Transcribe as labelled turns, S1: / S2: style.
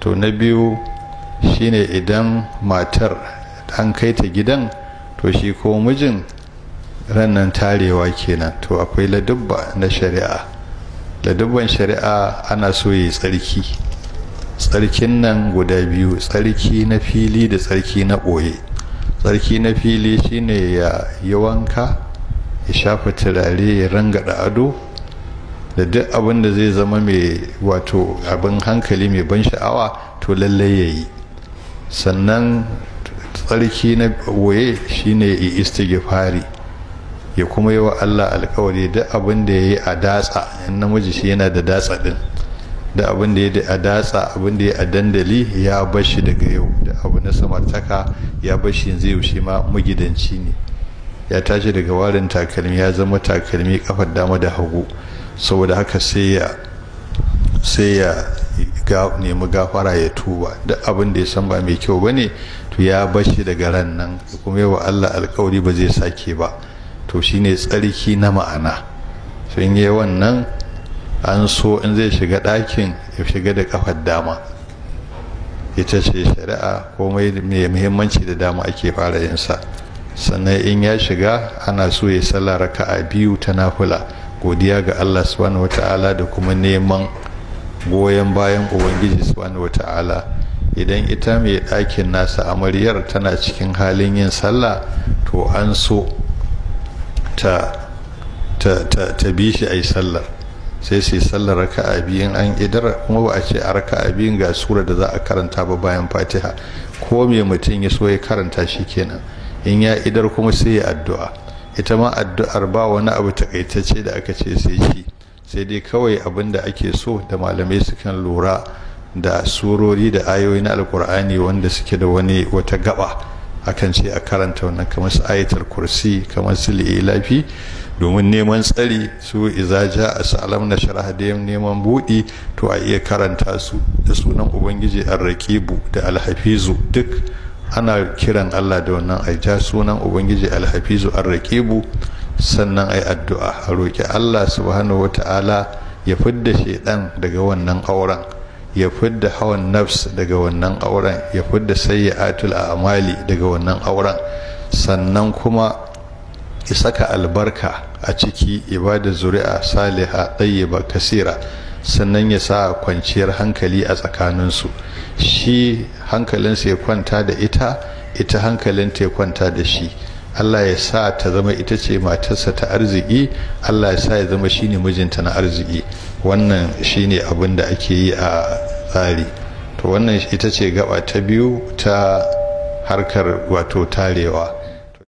S1: to na biyu shine idan matar an kai ta gidan to shi ko mijin rannan tarewa kenan to akwai ladubba na shari'a ladubban shari'a ana so yi tsarki tsarkin nan guda biyu tsarki na fili da tsarki na ɓoye tsarki na fili shine ya yi wanka ya shafa turare ya rangada ado da duk abin da zai zama mai wato abin hankali mai ban sha'awa to lallai ya yi sannan tsarki na waye shine ya istighfari ya kuma yi wa Allah alkawari duk abin da ya yi a datsa namiji shi yana da datsa din da abin da ya yi a datsa abin da ya a dandali ya bashi daga yau da abu na samartaka ya bashi yanzu yau shi ma magidanci ne ya tashi daga warin takalmi ya zama takalmi kafar dama da hagu saboda haka sai ya sai ya nemi gafara ya tuba duk abin da ya san ba mai kyau ba ne to ya bashi daga ran nan kuma yawa Allah alkawari ba zai sake ba to shine tsarki na ma'ana sai in yi wannan an so in zai shiga ɗakin ya shiga da kafar dama ita ce shari'a komai mai muhimmanci da dama ake fara yin sa sannan in ya shiga ana so ya sallah raka'a biyu ta nafula godiya ga Allah subhanahu wata'ala da kuma neman goyon bayan ubangiji subhanahu wata'ala idan ita mai ɗakin nasa amaryar tana cikin halin yin sallah to an so ta bi shi ayi sallar sai sai sallar raka'a biyun an idar kuma ba a ce a raka'a biyun ga sura da za a karanta ba bayan fatiha ko me mutum ya so ya karanta shi kenan in ya idar kuma sai ya addu'a ita ma addu'ar ba wani abu takaitacce da aka ce sai shi sai dai kawai abin da ake so da malamai sukan lura da surori da ayoyi na alkur'ani wanda suke da wani wata gaba akan ce a karanta wannan kamar su ayatul kursi kamar su lilafi domin neman tsari su izaja a salam na sharhadiyam neman buɗi to a iya karanta su da sunan ubangiji arraqibu da alhafizu duk ana kiran Allah da wannan a ja sunan ubangiji alhafizu arraqibu sannan ai addu'a a roƙi Allah subhanahu wata'ala ya fidda shaidan daga wannan auren ya fidda hawan nafs daga wannan auren ya atul a a'mali daga wannan auren sannan kuma ya saka albarka a ciki ibada zuri'a saliha ba kasira sannan ya sa kwanciyar hankali a tsakaninsu shi hankalinsa ya kwanta da ita ita hankalinta ya kwanta da shi Allah ya sa ta zama ita ce matarsa ta arziki Allah ya sa ya zama shi ne mijinta na arziki wannan shi ne abin da ake yi a tsari to wannan ita ce gaba ta biyu ta harkar wato tarewa